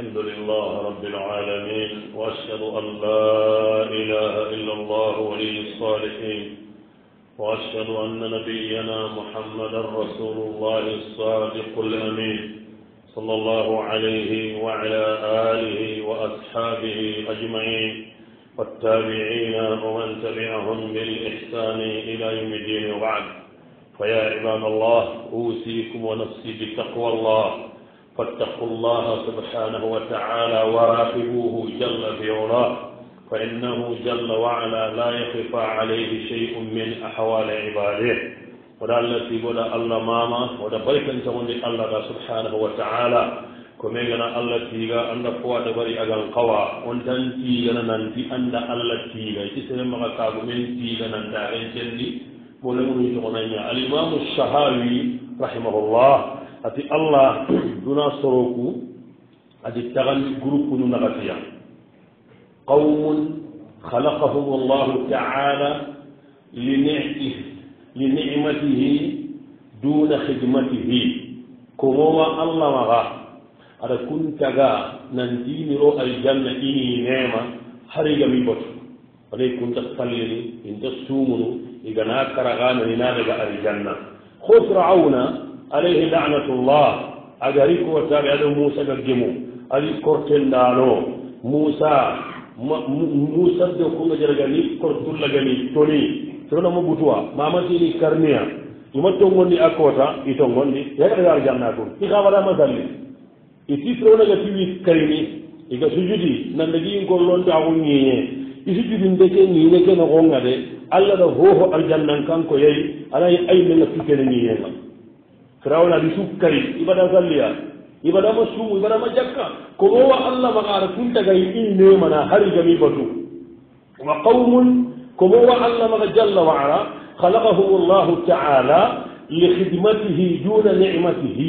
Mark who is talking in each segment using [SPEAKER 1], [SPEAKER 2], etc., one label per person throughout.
[SPEAKER 1] الحمد لله رب العالمين وأشهد أن لا إله إلا الله ولي الصالحين وأشهد أن نبينا محمدا رسول الله الصادق الأمين صلى الله عليه وعلى آله وأصحابه أجمعين والتابعين ومن تبعهم بالإحسان إلى يوم الدين وبعد فيا عباد الله أوصيكم ونفسي بتقوى الله فاتقوا الله سبحانه وتعالى وراقبوه جل في علاه فإنه جل وعلا لا يخفى عليه شيء من أحوال عباده ولا التي بلا الله ماما ولا بركن تمني الله سبحانه وتعالى كما يقول الله تيغا أن قوة بري أغل قوة وانتن تيغا ننتي أن الله تيغا يتسلم مغتاب من تيغا ننتعين جندي بولمني يتغنين الإمام الشهاوي رحمه الله أتي الله duna soroku adi tagandi groupe nu naxatiya qawmun خلقهم الله تعالى لنعمته لنعمته دون خدمته كموا الله مغا ada kuntaga nan diniro aljanna ini nema har gami bot ade kunta fallini inta sumunu igana karagana ina daga aljanna ko fir'auna alayhi la'natullah aɗa ari ko wattaɓe aɗo moussa ga gemo ari kortenɗano moussa moussa de kunga jaraga ni kor dullaga ni toni sowna mo ɓutuwa mamasini carnia yuma to gonɗi a koota i to gonɗi yagaɗagar jannatun i xafatama salli i si sowonaga siwi kayni iga sujudi nandagi in gollonto axu ñiñe i sujudi ndeke ñiine kene xonga de allah da hooho aljannan kanko yayi anayi ayi menga tukene ñiñenga راولا دي سكري إبادة زليا إبادة مسوم إبادة مجاكا كروا الله مغار كنت غير إن نيمنا هر جميع بدو وقوم كروا الله مغار جل خلقه الله تعالى لخدمته دون نعمته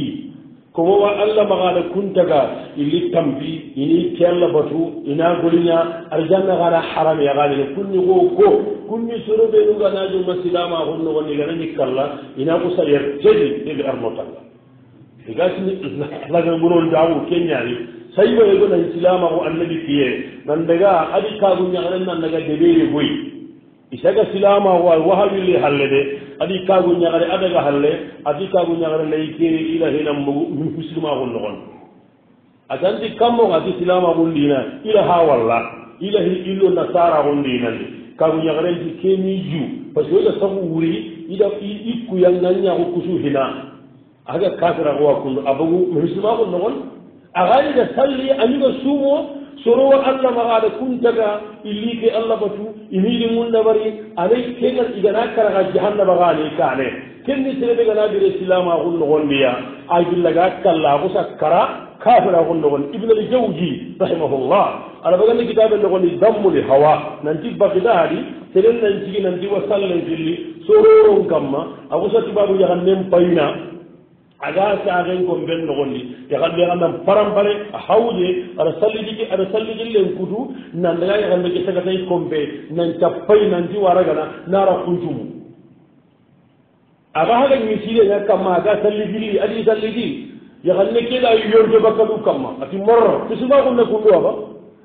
[SPEAKER 1] ko wowa allah maxaana kuntaga ili tampi ini kella batu ina goliña arjanna xana harame axaanine kunni xo ko kunni soroɓenuganajuma silama xunnoxoni gana ñikkalla ina ku sarier tedi ege armotanga ega sini lagangunon dawu keñani sayiɓayego nahi silama xu annabi kiye nandaga adi kagu ñaxaren nandaga deɓeye goy isaga silama xu a waxawille halle de adi kaagu ñagare adaga halle adi kaagu ñagare nayi kere ila hena mbogu min husilma gun nogon atanti kammoga ati silama gun dina ila ha walla ila hi illo nasara gun dinandi kaagu ñagare nti kemi ju parce que ida sagu wuri ida ikkuyanga ñagu kusu hina aga kafiragowa kundo abogu min husilma gun nogon aga ida salli aniga suumo sorowo allah ma aɗa kuntaga illike allah batu imiɗi mum dabari anay kegal igana karaga jahannaba ga anay kane kenni serebe gana bire silama kun nogondiya a gillaga kalla kusa kara kafira kun nogon ibn al jawji rahimahullah aɗa bagandi kitabe nogoni dammuli hawa nanti bakidadi seren nancigi nanti wasallen filli sororon kamma a kusa tubabu jahannen payna aga saxen ko mben noxondi yaxande anan paramparé a xawde ara salliɗiki ara salliɗillen kutu nandaga yaxande ke sagatay kompe nan cappay nanti waragana nara xuncumu aga xaga misileña kamma aga salliɗilli adi salliɗi yaxanne keɗa yorde bakkadu kamma ati mor misilma xunne kundu afa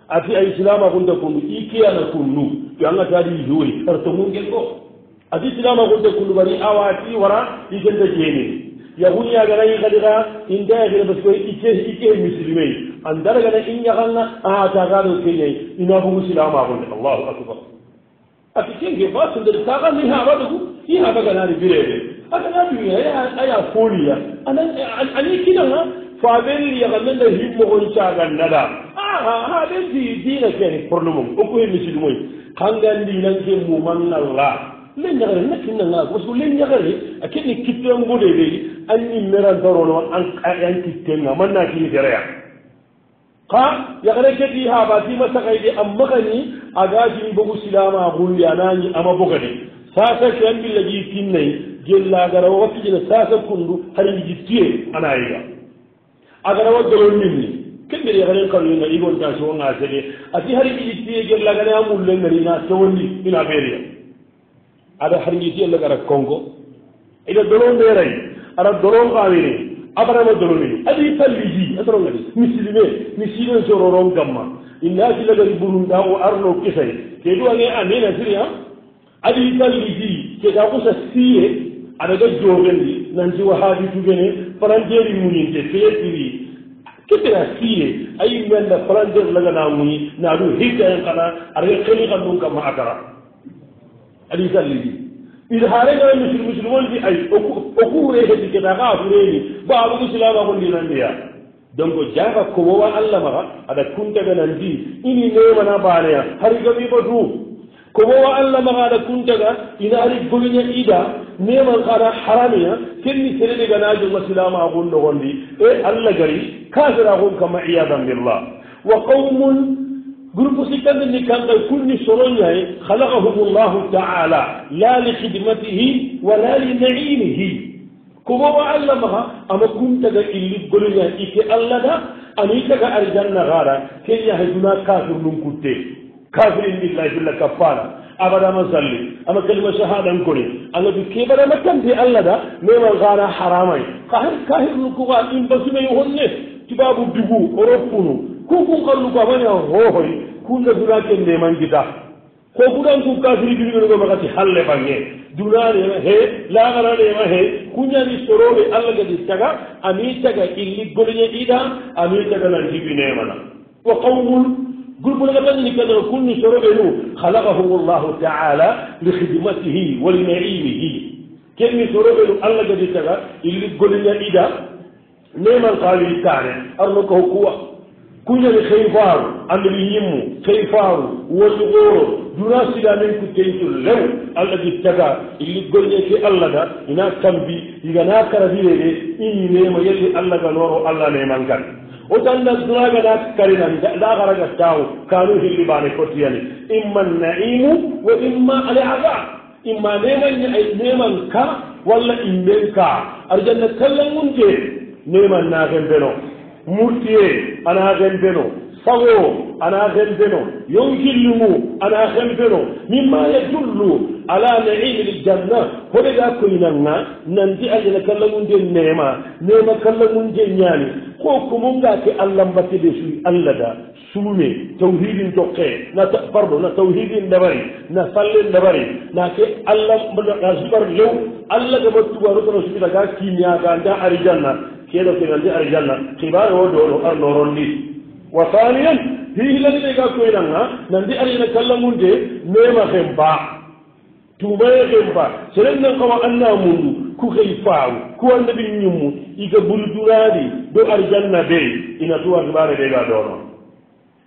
[SPEAKER 1] ati a islama xunde kundu i keyana kunnu to anga ti adi yowe ara tomungel ko ati islama xunde kundu bari awati wara i kente ceenin yaguñaganayi kadiga indayaxire parce que ike ike musilmey andaragana i ñaxalna a taxaɗo keñayi ina bugu silamaxunde allahu akbar ati kenge basundede taxanna i haɓaɗogu i haɓaganani birede aganaɗuya aya foliya ani kinanga faɓenir yaxamenda himmoxon cagannaɗa aha haɓe di dina kene probléme um oku he musilmoy xangandinanke mumannalla le ñagare nakkinna ngaag parce que le ñagare a kene kittemgode leydi anni meran darono an an kittenga man na kini dereya ha yagare keti ha batima sakaydi a makani a gatin bogu silama gulli anañi ama bogade sasa ke an billaji tinnayi gellagara o wattijina sasa kundu haryiji tiye anayiga a garawa dogol min ni keɓɓer yagaren kaluyinga igontation nga seɗe ati haryiji tiye gellagane a mullengari na tewondi ina feeriya aɗa harñiti allah gara konngo ida dolo ndeeray ara dolo ngaawiri abarama dolomi adi palliji asorogadi mi silime mi siino sororon gamma inna silagari burunda o arno kisay ke duwange amina siri a adi palliji keɗa kusa siye aɗa ga jogendi nanti wahaadi tugene paranteri muñinte feetiri kebira siye ayi menda paranter lagana muñi naaɗu hikkaen kana aɗa ga keli kandum kamma a gara aɗi salli ɗi ɗiɗo ha regara misil musilmon ɗi ay o kuure heddi keta ka afureni ba aɗo islama ko ndinandiya donc jaga ko wowa allah maga aɗa kuntagana ndi ini nemana baneya hariga wiba du ko wowa allah maga aɗa kuntaga ina ari goyña ida neman kaɗa haramiya kenni sereɗeganajoma silama gon ɗogondi e allah gari kasira kon kamma iyadan billah wa qaumun قرفسي كان اللي كان كل سرية خلقهم الله تعالى لا لخدمته ولا لنعيمه كما علمها أما كنت اللي تقول يا الله ده أنا إيكي أرجان غارة كي يهدنا كافر ننكوتي كافر إن الله جل كفارة أبدا ما زلي أما كلمة شهادة نقولي أنا بكيف أنا مكان في الله ده ميما غارة حرامي كافر كافر نكوغا إن بسمي هنه تبابو دبو أوروبونو ko kun kallu ko amani a hohoy kunna dura ken nde mangita ko ɓuran ku kafiri jurimenogo makati halle bange duraneema he laagananeema he kuñani soroɓe allah gadi caga ami caga illiggoliñe ɗiɗa ami caga nan jibineemana wa qawmul groupe naga tanini kanana kunni soroɓe nu halakahum llahu taala li hidmatihi wa li naimihi kenni soroɓe nu allah gadi caga illiggoliña ɗiɗa neman qaalii taane arnokaho kuwa kuñani xey faaru andiri ñimmu xey faaru woni ooro duna silamen ku teytul lew allah gi taga illi golle ke allah ga ina kambi igana karadirede ini nema yelli allah ga nooro allah neman kan o tanna dunaga na karinan daxaraga taaxu kanu hilli baane kotiyani imma naimu wa imma ale azab imma nemaña ay neman ka walla imben ka arjanna kallangunte neman naxen beno murtiyee anaa xenbeno fagoo anaa xenbeno yonkillumu anaa xenbeno mimma yadullu ala naimiljanna hoɗega koyinanga nandi a yena kallagunden nema nema kallagunden ñaani ko kumungake allahmbatide suyi allah da suume tawhidin tokke na pardon na tawhidin dabari na fallen dabari nake allah na subar lew allah gaba tubanotono subitaga kimiyaga nda arijanna keɗo keɓen de ara janna xibar o do ɗo arnoron ndi wa saniyan hihilanine ga koyranga nandi arena kallamunde mema hen ba tumbaye hen ba seren nan kama anna mundu ku hey faawu ku wanda ɓin ñummu iga bulduraadi do ar janna ɓey ina tuwa xibare ɓe ga ɗonoon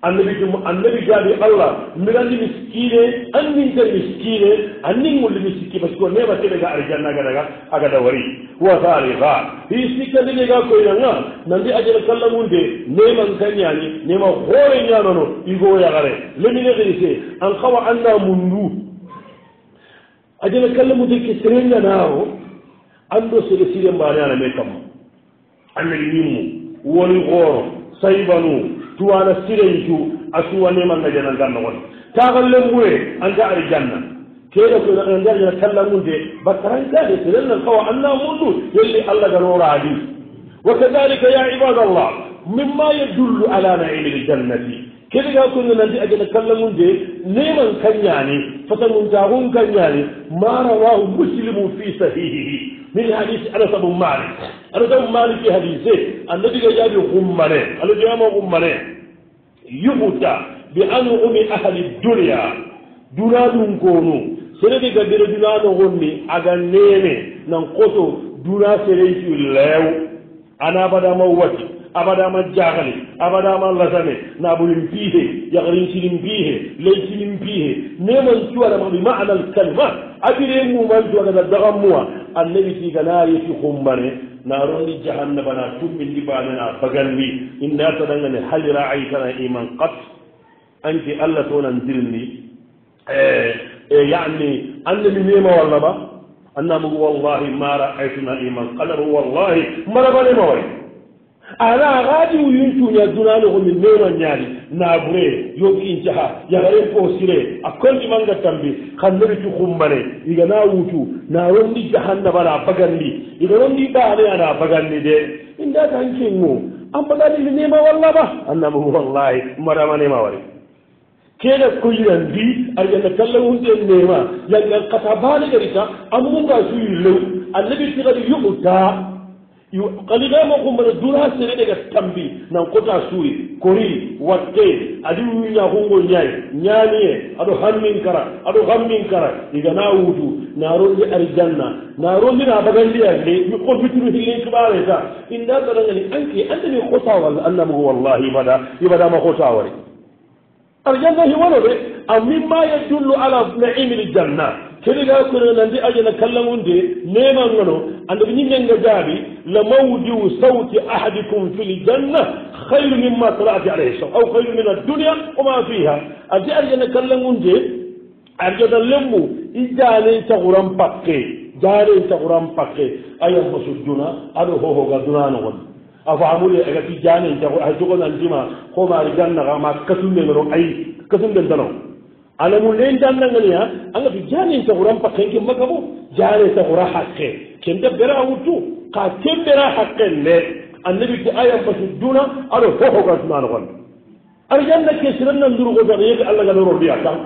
[SPEAKER 1] annabi jum annabi jaabi allah mbiɗanndi mi sikiine anninde mi sikiine annin ngolli mi sikki par ce que neɓa keɓe ga arjanna gadaga agada wari wa tarika hi sikkandine ga koynanga nanndi ajala kalla mum de neman kañaani nema hoore ñanano igo yagare lemine xeyse an xawa anna mum ndu ajala kalla mum de ke serenganaao anndo seɗe sire mbaane ana me kam annabi min mum woni xooro saybanu توالا سيريتو اسوا نيما نجانا غانون تاغل لمغوي ان جاء الجنه كيف يقول ان جاء يتكلمون دي بكران جاء يتكلم القوى ان نامون يلي الله جنور عادي وكذلك يا عباد الله مما يدل على نعيم الجنه كيف يقول ان جاء يتكلمون دي نيما كنياني فتنون جاهون كنياني ما رواه مسلم في صحيحه من حديث انس بن مالك انا مالك في حديثه النبي قال يا ابي غمرين انا جاي yuɓuta ɓe anu omi ahali duniya duna ɗum konu serede gabbiro dunano gonni aga nene nan koto duna sereytu lew ana abadama wati abadama jahali abadama lasane naɓolin piihe yakrin sinin piihe ley sinin piihe neman cuwaɗamaɓe ma'ana l kalima abire mumantu agata dagammuwa annabi siganari fi kumbane naaronndi jahannabana tumɓindi baanena baganndi inna taɗangane halira aytana iman qat anti allah toonan dirndi e, e yani annde mi wiima walla ba annamugu wallahi maara aytuna iman qalaru wallahi mbaɗa banema way ana haadi yintuña dunaano ko min meeno ñaari naabure yogi in caha yagare posire a kolɗi manga tambi xan nebi cu xumbane igana wutu na rondi jahannaba ana bagandi iga rondi ɓaane ana bagandi de in datan kengu an bagandii nema walla ba annama wallahi marama nema wari keene koyiran di aljanna talla wunɗen nema yagan kata baane gari ta amumunga suyi low annabi tigadi yuɓuta kalidama kumbata dura sere ɗega tambi nan kota suuri kori watte adi wiña kungol ñaay ñaaniye aɗo hammin kara aɗo hammin kara igana wutu naroje ari janna narondina bagandiyande e mi kompitiru hillin kibare ta inda kadagani anke andani hosawal annamugo wallahi bada ibadama hosawari ara janna hiwano de amimma yajullu ala naimil janna kediga kono nandi ajana kallamunde meman gano andaɓe ñimmenga jaaɓi la mawdiu sauti ahadikum fi ljanna hayru min ma tara'ati alayhi sa aw hayru min adduniya oma fiha andi ajana kallamunde arjana lembu i jaaley caguran pakke jaaley caguran pakke ayamma sujjuna aɗo hohoga dunanogon a faamude aga ti jaane caguraa jogo nandima homaari gannaga ma kasumbe ngano ay kasumbe ndano alamu len dannanganiya anga fi janin tahuran pakken ke makabo jare tahura hakke kenta bera wuttu ka ken bera hakken ne annabi ti ayan basudduna aɗo hohogatuna nogonde arjanna ke sirannan durugotan yeke allah gano rodiya tan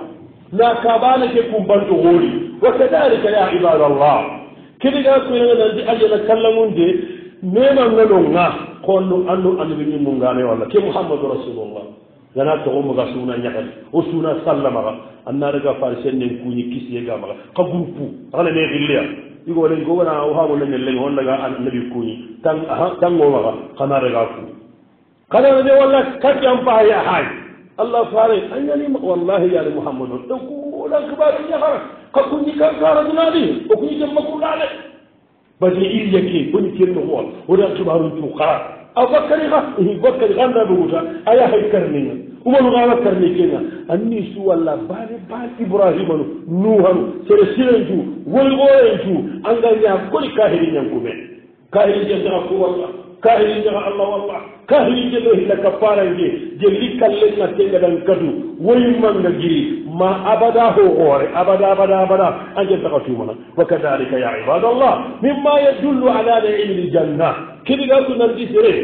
[SPEAKER 1] na kabana ke kumbanto hooli wa kadalika ya ibadallah keɗiga koynaga nanti arjana kallagunde memangano ga konno anno annabi min mum gane walla ke mouhammadou rasulullah gana togomaga suna ñakani wo suna sallamaxa annaraga fare sennen kuñi kisiye ga maxa xa groupe xanane xilleya igoleng ko wona o xamo nañe leng onaga anabi kuñi tangomaxa xanaraga fu xanaraɓe walla kaƴan paaya xaay allah fare añanima wallahi yaale mouhamado ɗoku olankibaru ñaxara xa kuñi kankaradunaɗi o kuñi jem makurnaɗe bade ilyake woni kennoxuwa wodankibaru cuqara abakari xa eh, bakari xan da buguta a yaxe karnenga umanu xaana karne kenga anni su walla baane baan ibrahimanu nuuxanu sere sirencu woy ooyencu a ngañaa koɗi kaxiri ñangkume kaxiri jantaxa kuwalla kahriidema allah wallah kahriide ɗo hila kafarange je likkallenna tengaɗan kadu woyimmanga giri ma abada ho oore abada abada abada anjentaka tumana wa kadalika ya ibada allah mimma yadullu ala ne ilmi janna keɗigaku nardisere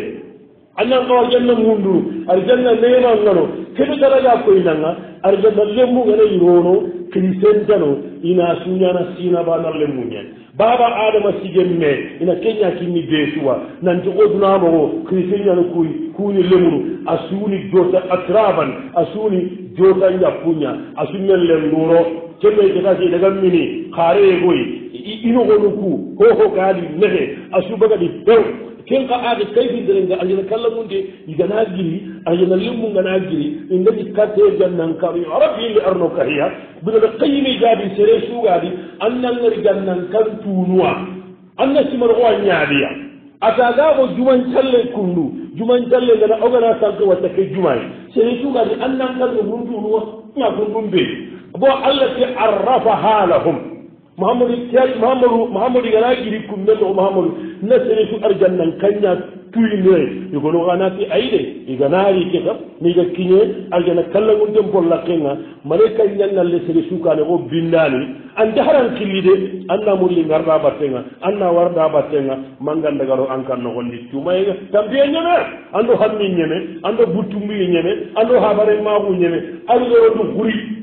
[SPEAKER 1] annan awa janna munduru ar janna neyemangano keɗi daraga koy nanga ar janna lembugana yirono kiri sentano ina suñana sinabanar lembuñani baaba adama sijen me ina keña kinni bee suwa nanti odunaama o kristiñano kuy kuuni lemru a suuni jota a traban a suuni jota ñappuña a sumen len nguro kemme jetasi daga mini xaareye goy inogonu ku hoho gaali mehe a subagadi few ken ka aade kayfidere nga ayana kalla mum de igana giri ayana limmu ngana giri en gadi katte gandankaɓe arabiyimɓe arno ka heya binoɗo kayimi gaadi sere suugaadi an nangari gandan kan tunuwa an nasimar owa ñaaɗiya atagaamo juman calle kunndu juman calle ngana ogana sanke watta ke jumay sere suugaadi an nankanɓe mun tunuwa ñakun ɗum be bo allah si arrafa haalahum mahamadu mahamadu mahamadu gana giri kumne nogo mahamadu na serefu arjannan kanña tuyinoye yogono ganati ayde iganari ke kam niga kiñe arjana kallagunten polla kenga mare kanñannalle serefu kane o bindani ande haran killide anna muli garda battenga anna warda battenga mangandagaro an kan nogondi cumayga tampiye ñeme ando hammi ñeme ando buttumbiye ñeme ando habare maku ñeme arigoro du huri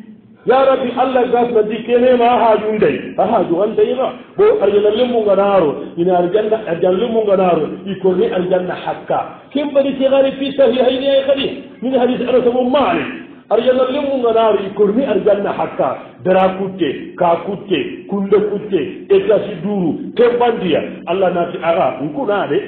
[SPEAKER 1] يا ربي الله جاس ندي كني ما هاجون داي هاجون داي ما بو أرجل لهم غنارو إن أرجل أرجل لهم غنارو يكون أرجل حكا كم بدي تغاري في سهي هاي نيا خلي من هذه سأنا سمو مالي أرجل لهم غنارو يكون أرجل حكا دراكوتة كاكوتة كندكوتة إتلاش دورو كم بديا الله ناس أغا نكون هذا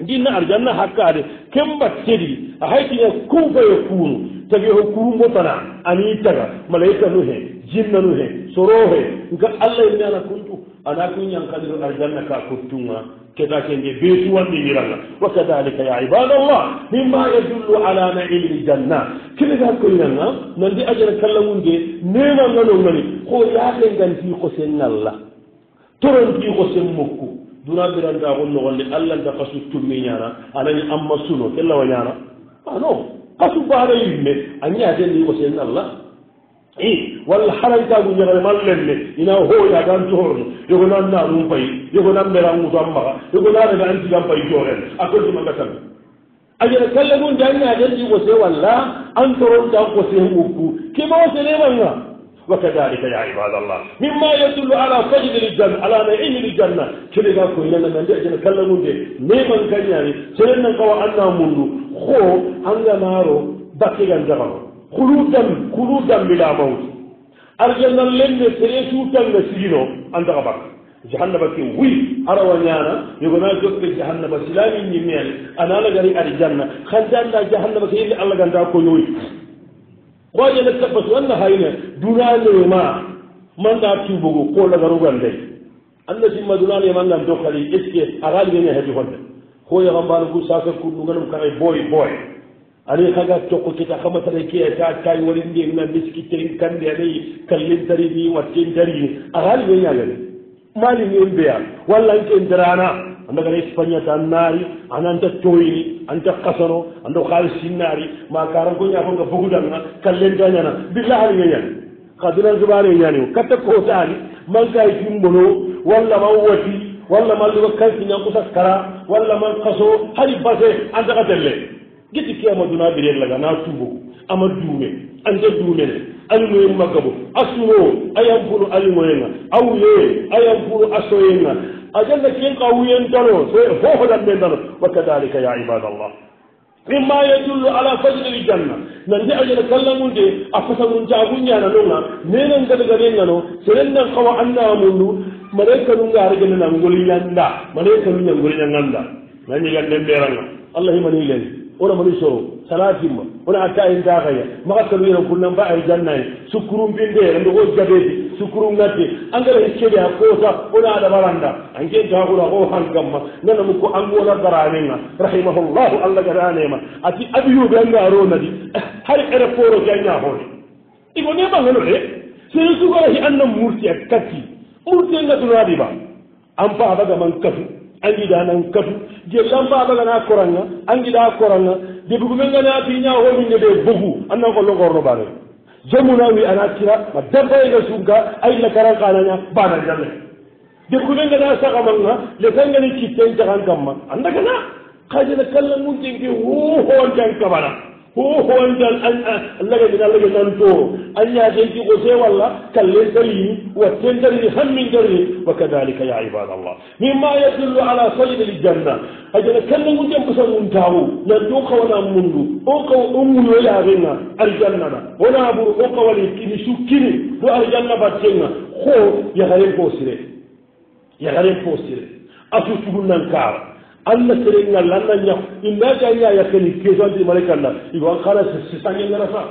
[SPEAKER 1] ndinna arjanna hakkaade kembat cedi a hayti e kuufayo e kuunu tagi ho kuumbo tana anii taga malayika nu hee jinna nu hee soroo hee nga allah ene ala kuntu ana ko ñankaliro arjanna ka kottunga kedake nde beetuwanɗiniranga wa kadalika ya ibadallah mimma yadullu ala naimini janna kinega koyinanga nandi ajara kallamum de nemanga non ngani ho yaake ngantiko sen ngalla toronkiko sen mokku duraɓiranta ko nogonde allah nta kasu tummi ñana anani amma suno ke lawa ñana a ah, non kasu baara yimme a ñaatenni ko sen allah i walla harantagu ñagane man lenne ina hooya gan toorno yogo nan naɗum pay yogo nan merangutu an maxa yogo naɗaga antigan pay jooren a koltimanga tan a jene kalle gunde a ñaatenni ko se walla an toron tan ko se ukku kemao senemanga وكذلك يا عباد الله مما يدل على فجر الجنة على نعيم الجنة كلي غاكو إلى لما نجينا كلمون دي كان يعني سيدنا قوى أنا منه خو أن نارو بكي غنجبه خلودا خلودا بلا موت أرجلنا لن سريسو تن سجنو أنت غبك جهنم كي وي أروانيانا يقولنا جوك جهنم سلامي نيميان أنا لغري الجنة خلجان جهنم كي إلا الله غنجاكو يوي waƴene tabbas wanna hayne duranema manɗa tiwɓogo ko lagarugal ndey anna simma dunane mangal dokkali est ce que a haalimene hedi honde ko yaha mbanogu sasa kurɗuganum kaɓe boy boy ani haga tokkoketa kamatare keeta tay wari ndiena miskitten kande anayi kallentari ni watten dari ni a haalimeñagani malimen beya wallanke drana annda kada ispagnata an naari ananta toyini anta kasano anda haalisi naari ma karan ko ñaafonga fogudanga kallenta ñana billa haliga ñani kadinan kibaare ñani o katta kootaani mankay timbono walla man wati walla man luga kalti ñankusa kara walla man kaso hani base anta ka telle gitti ke amadunaa birel laga naa tubo ama duume anta duumene alimoyen magga bo asumoo ayan pulu alimoyenga awyee ayan pulu asoyenga a jalla ken ka wuyen dano so hohodan ɓe dano wa kadalika ya ibadallah imma yadullu ala fadlil janna nande a jana kalla mum de a fota mum jaguñana noga menen gadagarengano seren nan kawa annawa mundu malaika nunga arajananan goliñanda malaika nuña goliñaganda nañeganden ɓeeranga allah himani len ona mani soro salatimma ona atta en dakaya maxa kalu yenan kurnan ba ay jannaye sukkurumbinde rende o jabeti sukuru ngatte engrais hiccede a koosa ona aɗamaranda anke gaaxura xoo han gamma nana mu ko angoona baranenga rahimahullahu allah gaɗanema ati abiyuɓe a ngaaro nadi eh, hay aéroport ke a ñaaxoode iko ne ɓangano de sen sukaraxi anna murti a kati murtie ngatunaadiba an paafagaman katu a ngidanan katu jellan paafagana koranga a ngiɗa koranga debugumengane a tiñaaxoomine de bogu annan qollo ngoorno baanoy jomuna wi ana tira ma dabbayenga e sumka ayilla kara kananya bana jalle de kunengana sagamanga le kangani citten jagan kamma andagana kajena kalla mujenge wo hontan kabana hohoyda lagagina lagenan to an yaatenti gose walla kallen darini watten darini hammin darini wa kadalika ya ibadallah mimma yadullu ala sayid aljanna ajana kallengunden basanguntawu nanto kawana mundu o kaw o muyo yaarenga aljannana wona buru o kawani kini sukkini do aljanna battenga ho yagaren posire yagaren posire asu sugunnan kaara allah serenga lanna ñaw innajaya yakkani kesanti malaikalla iga an xana sange ngana sa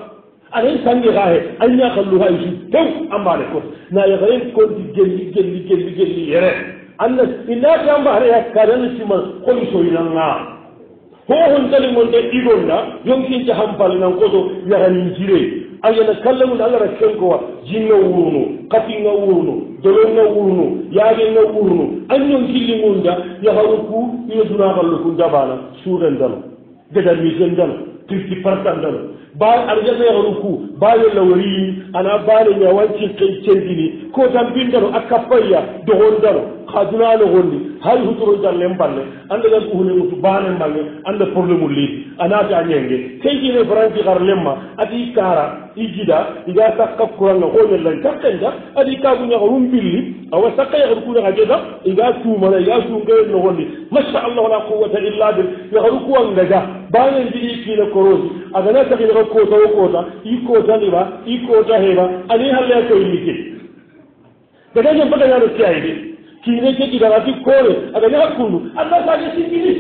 [SPEAKER 1] aren sange xa he a ñaxalluxa yusu tew a mbaare ko na yaxaren konti gelli gelli gelli gelli yere anna innaka a mbaareya kadana sima xoyu soyinanga hoxon talimonte igonda yonkin caxan pal nan koso yaxanin jire a yena kallagun a ngara kenkowa jinna wuruno nga wurnu nga wurnu nga wurnu an anñon ya yaharu ku ina dunaxallu ku jabana suren dano dedarmisen ci kirti partan dal ba ne yaharu ku la wari ana bane ci kei cendini ko tampin ak a ya dogon dano ha dunaalo gonndi hay hutoro jallen balle annde gan uhune utu baane mbange annde probléme u leydi a naati a ñeenge key ine branci xar lemma adi kaara i jida iga sakka kuranga koñellan cakken ta adi kaagu ñaxa rum billi awa sakka yaxaru kuñaxa geda iga tuumana iga suungeyen no gonndi masa allahu la quwata illa bil yaxaru kuwangaga baane njiɗi kiina korosi agana taxinaxa koota wo koota i kootaniɓa i koota heɓa ani halle a koyinni ke gadañam bagañano ciayde kiine ke igarati kore aganya kundu allah saje singiri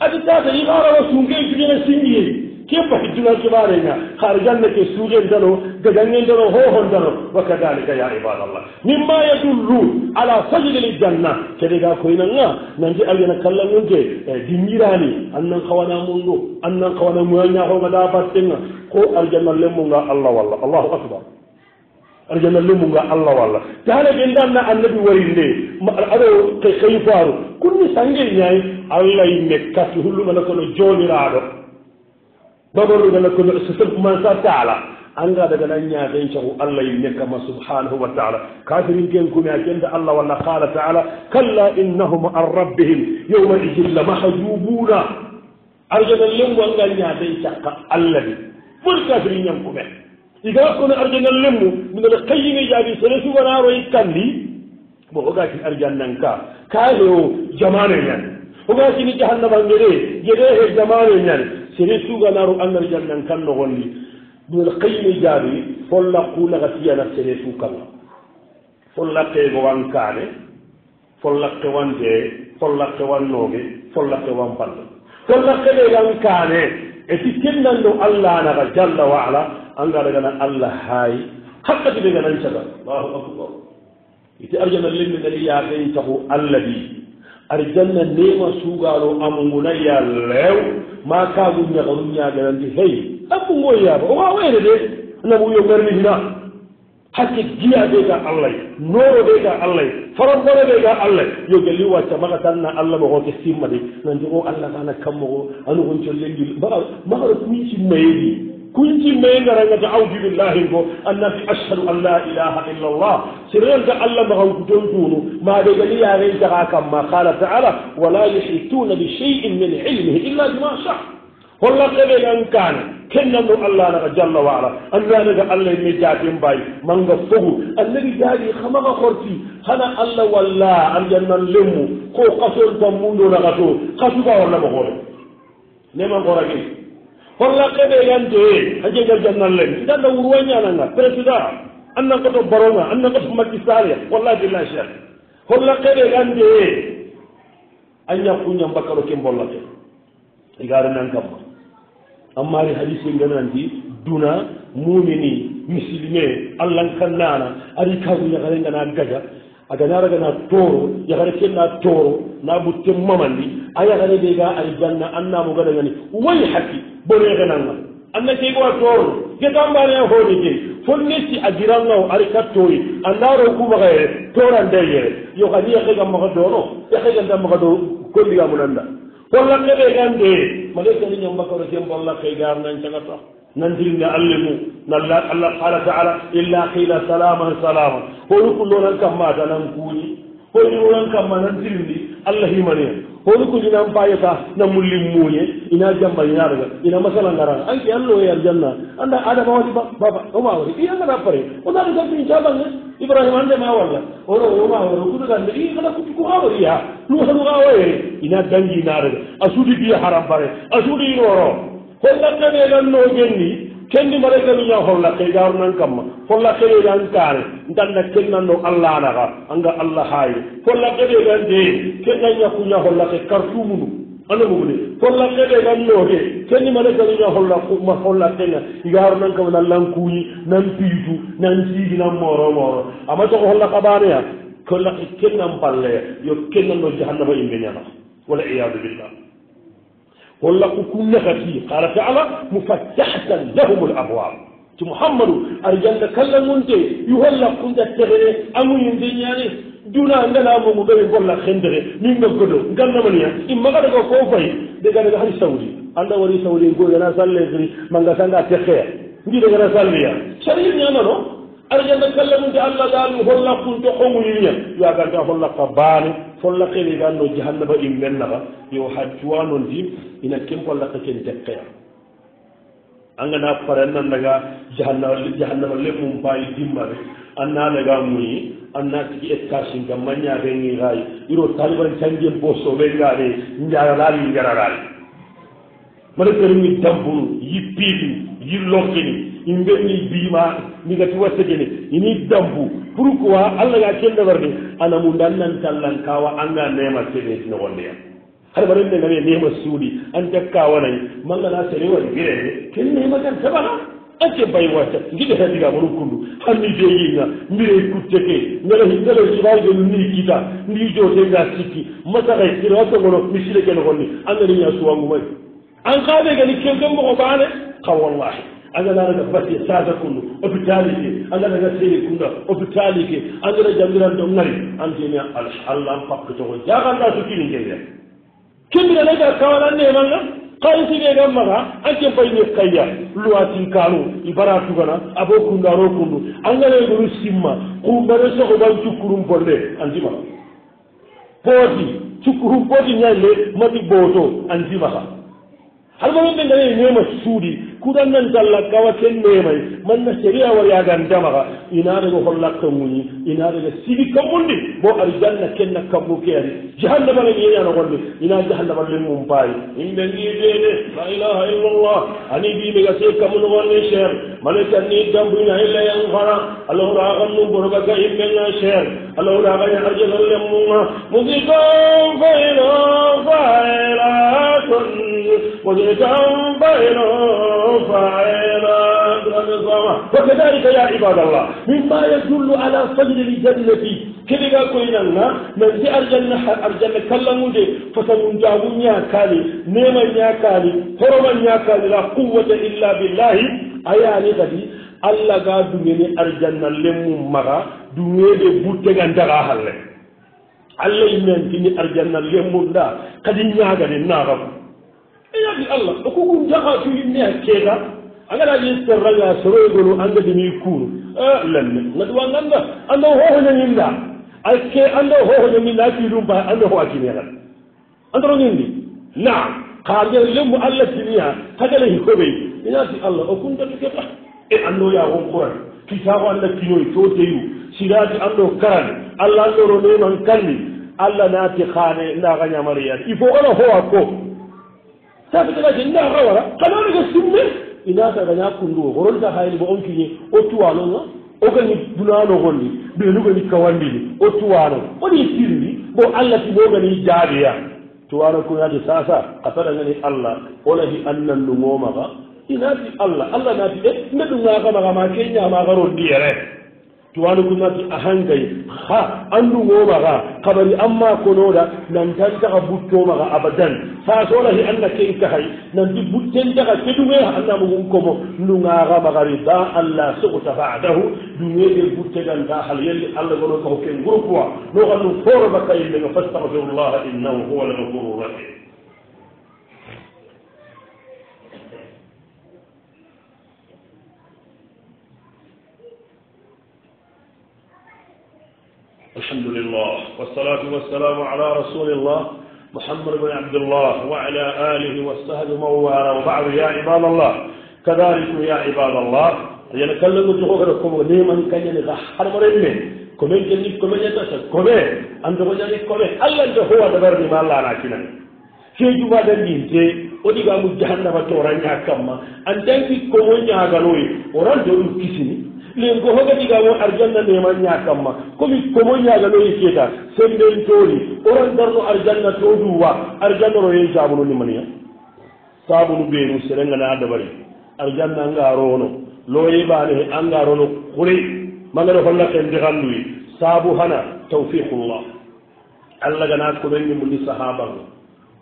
[SPEAKER 1] adi tata igara wa sunge jugene singiri ke fahiduna kibarenya kharijanna ke sujen dano gadangen dano hohon dano wakadalika ya ibadallah mimma yadullu ala sajidil janna kede ga koyna nga nanji algena kallangonte dimirani annan khawana mungo annan khawana muanya ho gada battenga ko aljanna lemunga allah wallah allahu akbar arjana lemu nga allah walla taale ɓe ndanna annabi wari nde aɗo xey foiru kunni sangel ñaay allah me kati hulluɓana kono jooniraaɗo babaruɗana kono man sa taala annga daga nan ñaaten cahu allah mekkama subhanahu wa taala kafirin genkumi a kennda allah walla qala taala kalla innahum an rabbihim yawma ijilla mahajubuna arjana lemu anga ñaaten cakka allah ni ɓori kafirin ñankumen iga kono arjanal lemmu minoɗe kayyimi jaabi sene suwanaroye kandi bo ogaki arjannan ka kaahe o jamane ñani ogakini jahannabangeɗe jeɗe he jamane ñani sene suganaro angar jannan kan nogondi minoɗe kayyimi jaabi folla kulaga fiyana sene sukanga follakkeego wan kaane follakke wan de follakke wan nooge follakke wan balle follakke ɗegan kaane e si kennan ɗo allah naga jalla wa ala anga daga nan allah haayi hakkati ɓe ngadan caga allahu akbar iti arjana lemminani yaɓen caku allah ɗi arjanna nema suugaalo amunguna ya lew ma kaagu ñagaru ñaganandi hey abungo yaaba o waawayde de nabu yo ngarni hina hakke giya ɓe ga allahy nooro ɓe ga allahy farambone ɓe ga allahy yo gelli wacca maga tanna allah mo xoke simma de nanndi o allah kana kammo o anugon collenndi maga maga ɗo kuñi simmayeɗi كنت مين رجع أوجي بالله إنه أن أشهد أن لا إله إلا الله سرنا الله مهو كتنتونه ما بجلي عليه جاك ما قال تعالى ولا يحيطون بشيء من علمه إلا بما شاء هلا قبل أن كان كنا نو الله نرى جل وعلا أن لا نرى الله مجاد باي من غفه النبي جاد خمغ خرتي هنا الله ولا أن جنا لمو خو قصر تمندو نغتو خشوا ولا مغور نما قرقي holla keɓe yante hajeja jannalle ndanda wurwañananga président anna koto baronga anna koto makisale wallah billah cheikh holla keɓe yande a ñakkuña mbakkaɗo ke mbollate igare nan kamma ammari hadis ganandi duna mumini muslimé allahnkannana ari kaguñakarengana gaja a ganaraga na tooro yagare kenna tooro na butte mamandi a yagare ɓega ay ganna annamogadagani way hakki boneganaga anna ke goa tooro getambane hoode ke fo netti a girangao ari kattoyi andaro kubaxaye toorandeyere yoxani yakega maxa dono yakegantan maxa do kolligamunanda ko lakke ɓegan de malekani ñambakaro ke mbolla kegarnancagata ننزل نعلمه نلا الله قال تعالى إلا قيل سلاما سلاما هو كل من كم ماذا ننقول هو كل من كم ننزل لي الله يمني هو كل من بايتا نملي موني إن أجمع ينارك إن مثلا نارك أنت الله يا الجنة أنت هذا ما هو بابا بابا هو ما هو إيه أنا رافري وده كذا في إنجاب عنه إبراهيم عنده ما هو ولا هو ما هو هو كذا عنده إيه كذا كذا كذا هو إيه لو هذا هو إيه إن أجمع ينارك أسودي بيه حرام بره أسودي إنه hollatnanee lannoo genni kenndi malaikalu ñaa hol lakke jaaru nan kam ma fo lakke yo yan kaane ndanna kennanno allah naxa a nga allah haayi fo lakke ɗee gan dee kenna ñakku ñaa hol lakke kartumunu anamugu de fo lakke ɗee gan nooke kenni malaikalu ñaa hol lakku ma hol lakkenga jaaru nan kam nan lankuuñi nan piitu nan siigi nan mooro mooro ama soko hol lakka baaneya ko lakke kennan ballaya yo kennanno jahannama imbe ñana wala iyadu billah قل لك كل خفي قال تعالى مفتحة لهم الأبواب محمد أرجل تكلم أنت يهلا كنت تغيري أم ينزيني يعني. دون أن لا أمم بين قل لك خندري من مقدو قلنا من يا إما قد أقول فوفي دقال إذا حدي سوري أنا وري سوري يقول أنا سالي غري من قسان قاتي خير نجي دقال سالي يا شريف يا مانو arga nda kallamude allah daani hollakkum to ongoyiña yo agarta hollakka baane follakene ganno jahannaba im mennaba yo ha cuwa noon ndim ina ken hollaka ken tekkeya angana pare annandaga jahannaba jahannaba lemum mbawi dimmaɓe annanaga muyi anna tigi étagin e gam mañaɓeni gay iro taliban cangen bossoɓe gaade jaralali jaralali mbaɗa karimi dambunu yippiɗi yillokkini in ngarni biima ndiga ti wattegene ini dambu pourquoi allah ga kendabarde ana mu ndannan tallan kawa anga nema seneti no wonde yam hade baɗen de ngawi nema suuɗi anta kawanayi mangana sene waɗi birede ken nemagan tabaa ace bay wacca giɗe hadiga mono kundu hanni deyinga mbire kutteke ngala ngala sowawjo ni kita ndi jote nga sikki masaxe ina wattagono mi sileke no gonni andaniña suwangumayi an xaɓe gani kenken moxo baane xa wallahi a ngalaaraga basi saaga kunndu hôpitalike a ngalaga seeni kunnda hôpitalike a ngara jangiran do ngari antini allah an pakketoko jaaganda sukini ngeyen kembiranaga kawalan nemanga kayitigega maga an ken fayne kayya luwatin kaaru i bara tugana abo kunndu aro kunndu a ngaregoru simma kumbane sohoban cukkurum bolle andima booti cukkurum booti ñalle maɗi booto andimaha من سو گن کیا جان گڑھ میم شرم ملے جملے ko je jam bayno faena ko kedalika ya ibadallah mimma yadullu ala fajri ljannati keliga koye nanga nan si aljanna ha aljanna kallangude fotanum jamu ñakali nema ñakali horoma ñakali la quwata illa billahi ayani kadi allah ga dungeni aljanna lemmu maga dungede buttega ndaga halle allah imen kini aljanna lemmu nda kadi ñagani naxaku eyadi e e, e allah o kokum jaha tuli neha keeta a gara ye serraga soroyegolu angadimi kuuru lanne ngaduwa nganga anda hohoñaninda a ke anda hohoñaninda a kiidum ba anda ho a kineta andoro ngindi naam kaa ngel lemmu allah siniha tagale hikoɓey inati allah o kuntatu keta e anndo ya hon kurani kitabu allah kinoy to deyu sidati anndo karan allah anndoro neman kanni allah naati xaane ndaxa ñamariyaade il faut ala howa ko tabitagaje nda rawara xana onega summe ina tagaña kundugo koronta xayni bo on kiñe o tuwanonga o gani dunanogondi ɓenugani kawandini o tuwanon oni sirndi bo allah timogani jaabiya tuwano kunati sasa a fadangani allah olahi annan ɗumomaxa inati allah allah naati e ne ɗugaxamaxa ma ke ñamaxaro ndiere tuwanukunati ahankay ha andugomaga kabari amma konoda nantantaga buttomaga abadan sasolahi anna ken kahay nanti buttentaga kedugeha annamugun komo ndugaga magari ba allah sogota badahu dugede butteganta halyalli allah gono kaho ken groupe wa nogannu foro bakka yillega fastahfirullah innahu huwa alghafuru rahim الحمد لله والصلاة والسلام على رسول الله محمد بن عبد الله وعلى آله والسهد موارا وبعض يا عباد الله كذلك يا عباد الله ينكلم جهوركم ونيمن كان ينغحر مرمين كمين جنب كمين يتأسد كمين أنتم جنب كمين ألا أنت هو دبر ما الله راكنا شيء جوا دين جي ودي قاموا جهنم تورانيا كما أنت في كمين يا غلوي وران دورو كسيني min ko hogatigamo arjanna neman ñakamma komi komo ñagaloye keta semben tori oran darno arjanna to duwa arjannano ye sabunu nimaniya sabunu ɓeenu serengana adabari arjanna angarono loye bane he angarono kure magano fallakende halluye sabu hana tawfiqullah allah gana komen nimundi sahabago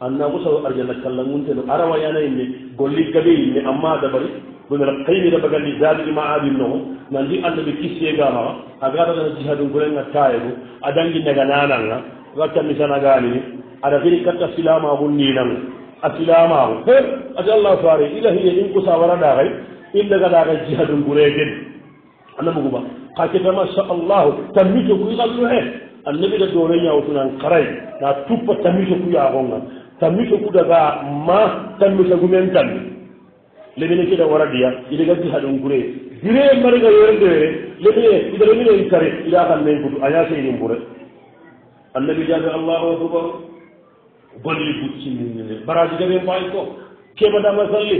[SPEAKER 1] anna ko sabu arjanna kallagunteno arawayanayimme golli gabe yimme amma adabari ɓum ra kayni ra bagandi daaduɗi ma aɓin noo na ndi annda ɓe kissiegama e a garatana jihadum gurenga taayego a dangi naga nananga watta misanagaanini aɗa hiri katta silamagu ninanga a silamagu he ati allah fare ilahiye in kusa waraɗaxay in dagaɗaxa jihadum gureden annabuguba xa keta masa allahu tammito kuy xallu he annabi da doole ñawtunan xaray na tuppa tammito ku yaxonga tammito ku daga ma tammitagumen tammi lemine keda waradiya idaga jihadon gure dire mariga yorende lemine ida lemine ikare ida kan ne gudu aya sai ni gure annabi jabe allahu akbar golli bucci min ne baraji gabe pai ko ke bada masalli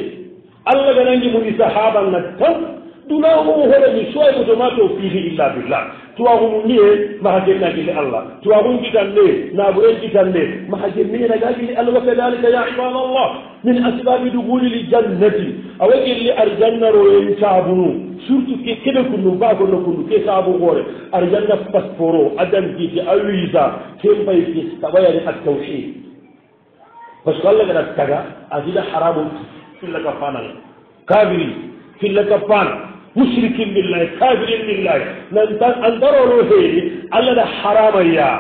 [SPEAKER 1] allah ganangi mu isahaban na tan tunahuhole ni soyɓe to ma to fiihi illa billah tuwahunu niye maha jenna gille allah tuwahun gitande naabu en gitande maha jemmiyenaga gille allah wa kadalika ya ibadallah min asbabi duguli li jannati awa gille arjanna royen saabunu surtout ke keɓe kundu mbago nokkundu ke saabu hoore arjanna passeport o adantité a visa ke mbay ke taɓayani a tawhid par ce que allah gaɗa taga a jiɗa haramu fillaka fanal kafiri fillaka fana مشرك لله كافر لله لن ترى روحي على الحرام يا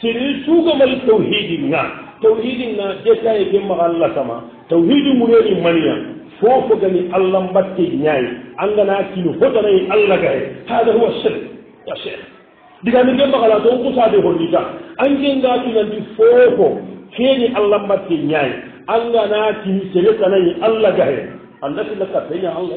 [SPEAKER 1] سيري سوق ما التوحيدنا توحيدنا جسائي كما قال الله سما توحيد مريد مانيا فوق جني الله مبتي نياي عندنا كيلو فتني الله جاي هذا هو الشرك يا شيخ diga mi gemba kala don ko sade ho nita an jinga ti nan di fofo keni allah matti nyaay allah na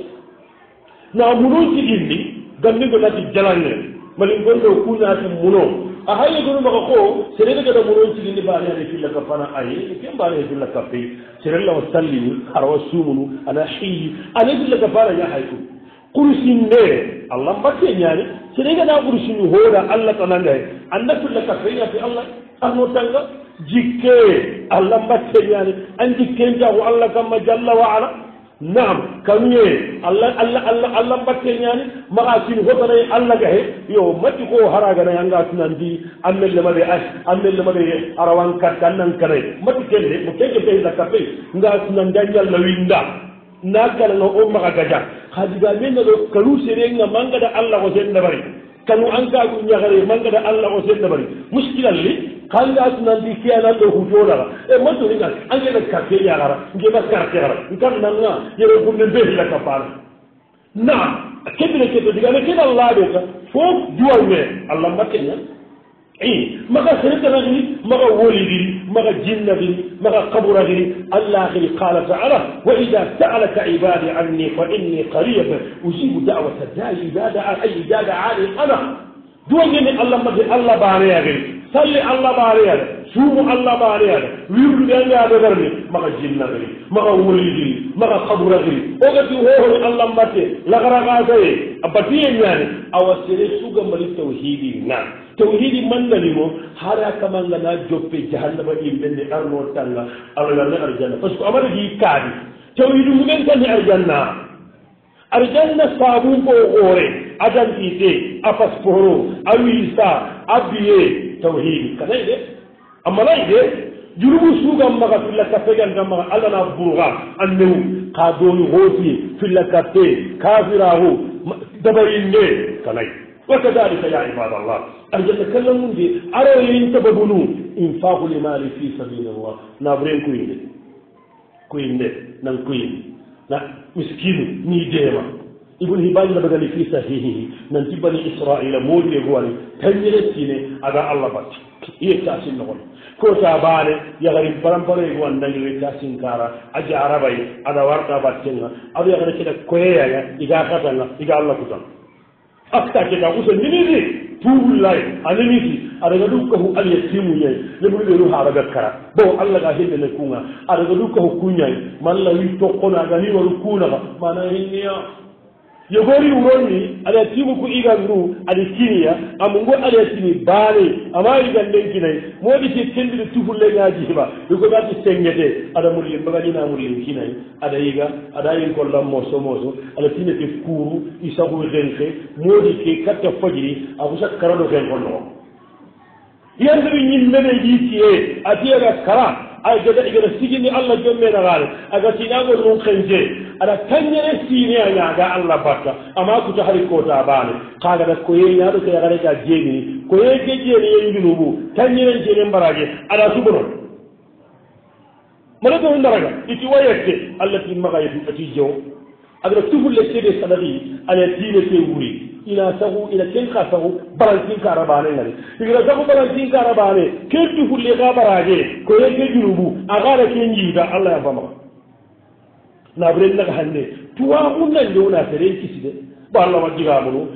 [SPEAKER 1] no a munoo jiginndi gammi go nati jalanne malin gonɗo kuñaati munoo a haye gonu maka ko serede gada munoo jiginndi mbaaneyade filla ka fana aye e ke mbaaneye filla ka pey serellawa sallini arawa suumunu ana xiyi ana filla ka fana yahay ko kurusin nde allah mbatte ñaani sere gana kurusinu hooda allah tananda he anna filla ka pey ñaati allah arno tanga jikke allah mbatte ñaani an jikkeen jaaku allah kamma jalla wa ala naam kañee allah allah allah allah mbatte ñaani maa sin hotanayi allah gahe yo matti koo haraganayi anga tunandi an melle maɓe a an melle maɓe arawan katta nan kanayi matti kelle mo keke ɓey lakka pey nga tunanda ñalla winda naa kalano o maxa gaja xadiga mena ɗo kalu sereenga mangada allah ko sen ndabari kanu ankaagu ñagare mangata allah o sen ɗabari muskilal li kangatunandi fiyananɗo ku jonaxa e madoringa angena quartier ñagara ngena quartier xara kamnanga yere gunne mbeexila kampana naam a keɓine keto diga ane kena laaɓe ka fof diwal me a lambateña اي مغا سرقة غني مغا ولدي مغا جن غني مغا قبر غني الله غني قال تعالى وإذا سألك عبادي عني فإني قريب أجيب دعوة الداعي إذا دعا أي إذا دعاني أنا دوغني الله مدي الله باري أغني صلي الله باري أغني سوم الله باري أغني ويرد يا غني مغا جن غني مغا ولدي مغا قبر غني وقت هو الله ما مدي لغرغا زي أبتين يعني أو سرقة غني توحيدي نعم tow hiɗi mannani mo hara kama ngana joppe jahannama yimɓe nde arno tanga alagana arjanna par ce que amaɗa hii kaari tew hiɗi mumen tan he arjanna arjanna faamum ko hoore adantité a passeporo a wisa a biye taw hiɗi kanayi de amalayi de jurumu suugan maga filla kappegan tan maga allah na bourga an newu ka dooni hooti filla kappe kafirahu dabayinde kanayi wa kadalika ya ibadallah al jalla kallamunde aroyin sababunu infaqulimali fi sabilillah nabren koyinde koyinde nan koyin na miskinu ni deema ibne hibani nabagani fi sahihihi nanti bani israila moodie gowani tañire tine aga allah batti yetta sin nogone ko sa baane yahari baramparay gowan dangi yetta sin kara a jaarabay aɗa warɗa battenga aɗa yahara keɗa koyeyaga iga xatanga iga allah kutan afta ke ta kusa ni ne a lai a ki adaga dukkahu ya yatimu yai mu le ruha adaga kara bo Allah ga da ne kunga adaga dukkahu kunyai man la wi to kona ga ni waru kuna mana hinniya yogori ala aliyatimu ku igandu kiniya amungo aliyatimi bale ama igan lenkinai modi ke kendiri tuhulle ngajiba yugo gati sengete ada mbaga bagani na mulim kinai ala iga ada yin kollam moso moso ala tine ke kuru isabu renke modi ke katta fajiri abusa karado ken konno yandiri nyimmene di tiye atiyaga kara a jega igata sigini allah jommeeraraare aga tiinaagol mum ken jee aɗa kañere siinee a ñaaga allah batta ama kuta hari koota baane kaagata ko yeeñaaɗo ko yagareka jeemini ko yeege jeene yen junubu kañeren jeene mbaraaje aɗa suɓono mala ɓeru ndaraga iti wayette allah tin maga yetu ati jow agata tufu lekkede sadaɗi aɗa tiinete wuri ina sagu ina kenka sagu barantinka rabane ngari igra sagu barantinka rabane ke tufulli ka barage ko ye ke junubu agara ke jiita allah ya famaa nabren naga hanne tuwaku nanjowna seren kiside bo allah wa jigamunu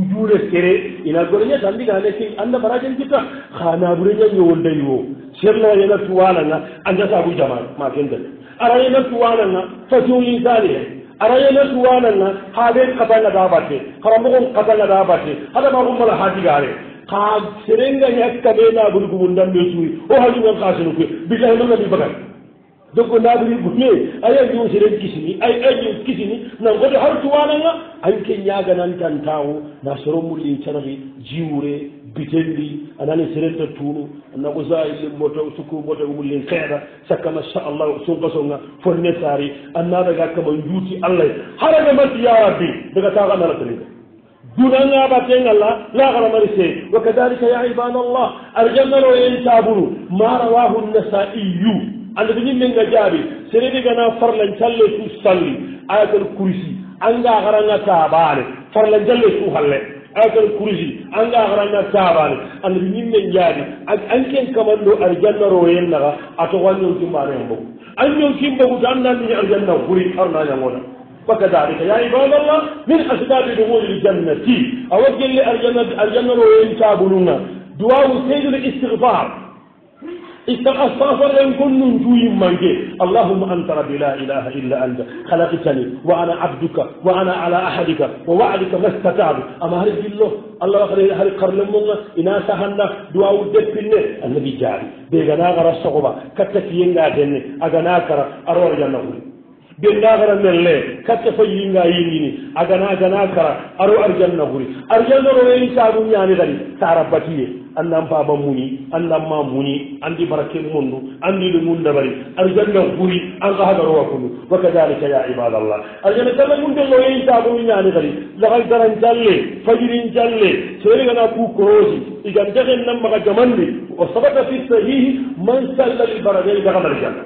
[SPEAKER 1] ujure sere ina goreñata ndigane ke anda baragen kitta xa nabrena ñowoldayi wo sernayena tuwananga andatabu jamane ma ken dan arayena tuwananga façon insane hen arayenetu wananna haaɓe kasanga da batte hara mogon kasanga da batte hadama rummala hadigare ka serenga ñakkaɓe nagoni gumu ndamɓe suuri o haaligon kasenokue bilahi mangabi bagat dogo ndaaɓiri ko mie aya jusiren kisini ay ayo kisini nangode hartu wananga anke ñaganan tan tawo na soromulli carati jiwre bitelli anani serenta tuunu nago sayille moto sukku moto mulli feeɗa sakka machallah sunkasonga fornetari annadaga kama juuti allah harage matti yarabbi daga taga nalatanide dunangaɓatengalla laharamari se wa kadalika ya ibadallah arjannaro en taburu marawahunnasa iyu anda bi ñimmen nga jaabi seredi gana farlan calle su salli ayatal kursi anga haranga taabaane farlan calle su halle ayatal kursi anga haranga taabaane anda bi ñimmen jaabi ak anken kamando arjanna royen naga ato wanyon kimbane en bogu anyon kimbogu tan nan ni arjanna guri arna nyangona فكذلك يا عباد الله من أسباب دخول الجنة أوجه لأرجنة الجنة وين تابلونا دعاء سيد الاستغفار istaastafare en kon nun juyim manke allahuma anta rabbi la ilaha illa anta halaqitani wa ana abduka wa ana ala ahadika wa waadika ma statatu ama hari dillo allah wakare hari karle monga ina sahanna duwawu deppinne annabi jaari beganagara sogoba kattakiyengatenne agana kara arora jannahuri bengagara melle katta fa yinga yingini agana gana kara aro arjanna huri arjanna rowen sagu ñani kadi sarabbatiye annan baban muni annan ma muni andi barakin mundu andi lumun dabari arjannan guri an ka hagaru wa kunu wa kadhalika ya ibadallah arjanna kala mun de loye ta bu nya ni gari la gal daran jalle fajirin jalle sori gana ku koroji igan jagen nan maga jamandi wa sabata fi sahih man sallal baradil ga gamal janna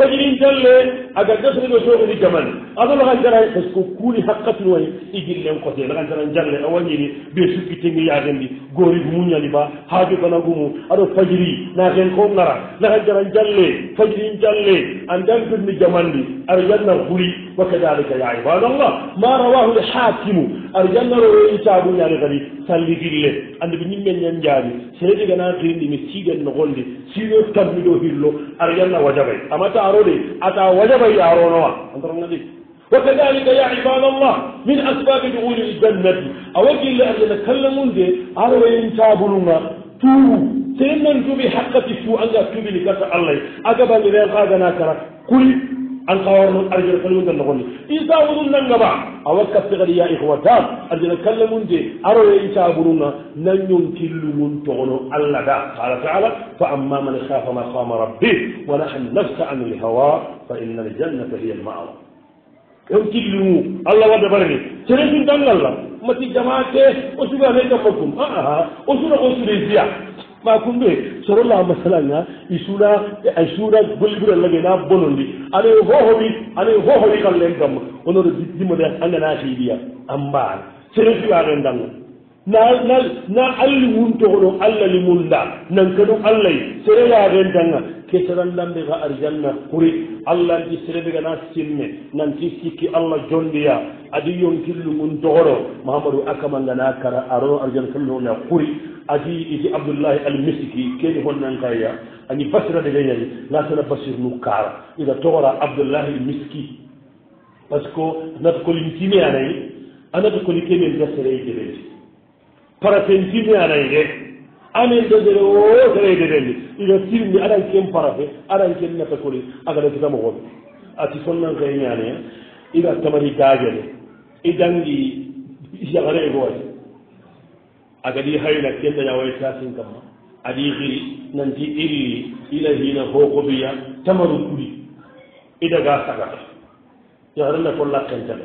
[SPEAKER 1] fajirin jalle a gar de sorigo sooxini jamal ado laxa njara parce que kuuni xaqatin way igil leng cosee laxa njara njarle a wañini ɓe suki tengi yaxendi goorid muñani ba xaajo banagumu aɗo fajiri na xen ko ngara laxa njara njalle fajiri njalle an dangirni jamandi ar yanna xuri wa kadalika ya ibadallah ma rawahu le xaakimu ar yannaroro isaabu ñani xadi salligille andi ɓe ñimme ñan njaani seedigana xirindi mi siiden noxondi siwe tanmiɗo hillo ar yanna wajabay amata aro de ata wajaba يا انظر وكذلك يا عباد الله من أسباب دخول الجنة أوجه إلى أن يتكلمون دي أروي تابلون تو سيمن بحقك حقتي شو أنك توبي لك الله أقبل لي غادنا كرك كل an kawarno arjana kalmunta nogondi isa wurun nan gaba a wakka sigari ya ihwatan arjana kallamunde aroye isa burunga nan yonkillumun togono allah da qala taala fa amma man khafa maqama rabbih wa naha nafsa an alhawa fa inna aljannata hiya almawa yonkillumu allah wadda barani seresun dangalla mati jamaate o sugane gamma kum aa o sura o suresiya ma kum ɓe sallallahuma sallamna i suuna ay suuna golliɓira lagena bonondi ana hohowi ana hohowi kam len gam onoro dimode a ngana fiiɗiya a mbaan serefiɓaren dang na na na allah wuntogoɗo allah li mum nda nan kadu allahy serefiyaren danga kesaran lamɓe ka arjanna kuri allah nti serefi gana simme nanti sikki allah jondiya adi yonkillu mum togoɗo mahamadou akama ngana kara aro arjana kalluna kuri abdullah adi idi abdoullahi almisiki keni honnankaya ani basira de leñani latana basir nu kaara ida togora abdoullahi almiski par ce que nata kolin time anayi anata koli kemen gaserey deɓendi parafen time anayi de amen dodere o serey deɓendi ida tirni aɗan ken parafe aɗan ken nata koli agana kitamogoɓe ati fonnankaya ñaneya ida tamani dagene idangi yagare egowati agadi hayla kenda yawai tasin kamma adi giri nanti illi ila hina hokobiya tamaru kuli ida ga sagata ya harna kolla kenta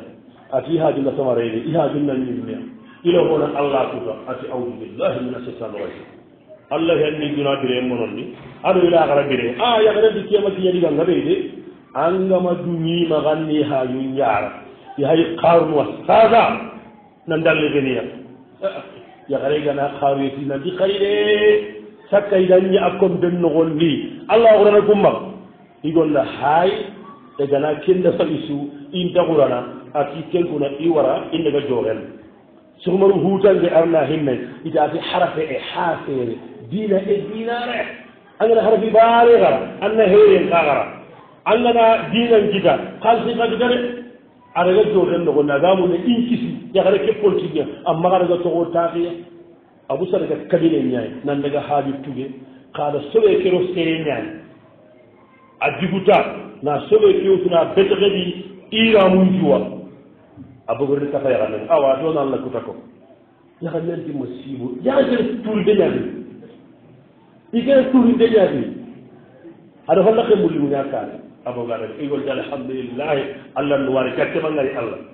[SPEAKER 1] ati hajin da samarayde i hajin nan nimmiya ila hona allah kuta ati a'udhu billahi minash shaitanir rajim allah henni duna bire mononni aɗo ila gara bire a yagarandi kemati yadiga ngaɓeyde angama duñima ganni ha yun jara yahay karnuwa sasa nan dallegeniya yakaregana xaaruyetinandi xarire sakkayidani a kom den noxon ni allah xurana gummam i golla haay egana kenda sabisu in ta xurana a ki ken kuna i wara i ndega jooxel sumaru hutange arna himme ita ati xarafe e xaafeere dina e dinare angana xarafi baare xara anna heeren ka xara angana dinan kita xaalisi xagita de a rega jooxel noxon nagamune in kisi yagare ke politique amma gara ga togo taxiya abu sara ga kabile ñaay nan daga haaji tuge kaada soɓe kero sere ñaay a jiguta na soɓe kewtuna betexeɗi iramum juwa a bogorni kafa yaxanen awa to nan lakuta ko yaxanentima siibo yaxakene tuuri de ñaadi i kene tuuri de ñaadi aɗa hollake mulimuña kaane abogaɗa igol de alhamdulillahi allah nuwaari jakkemangari allah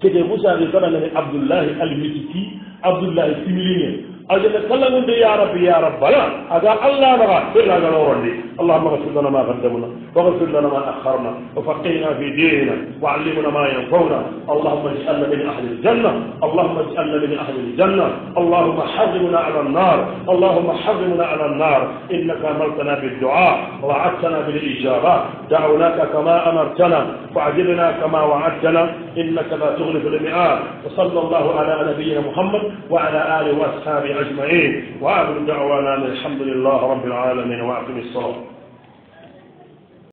[SPEAKER 1] kete musa ne kana ne abdullahi al-misiki abdullahi simili أجل كلمون يا رب يا لا هذا الله نغا فلا غنورني اللهم اغفر لنا ما قدمنا واغفر لنا ما أخرنا وفقهنا في ديننا وعلمنا ما ينفعنا اللهم اجعلنا من أهل الجنة اللهم اجعلنا من أهل الجنة اللهم حرمنا على النار اللهم حرمنا على النار إنك أمرتنا بالدعاء وعدتنا بالإجابة دعوناك كما أمرتنا وعجلنا كما وعدتنا إنك لا تغلف المئات وصلى الله على نبينا محمد وعلى آله وأصحابه أجمعين وآخر دعوانا الحمد لله رب العالمين وأقم الصلاة